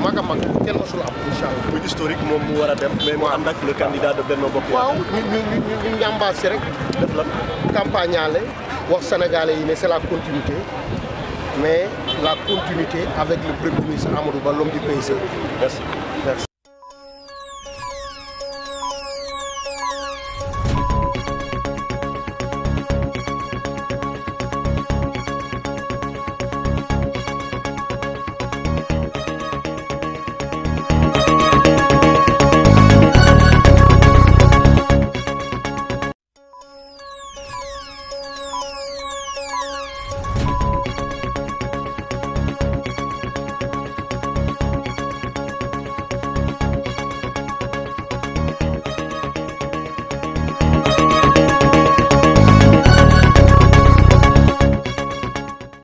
bu mag kenn mosul am incha allah muy historique moom mu war a dem mais mu ànd ak le candidat de Benno Bokk waaw ñu ñu ñu si rek def la campagne wax sénégalais yi ne c'est la continuité mais la continuité avec le premier ministre Amadou Ba l'homme du e. merci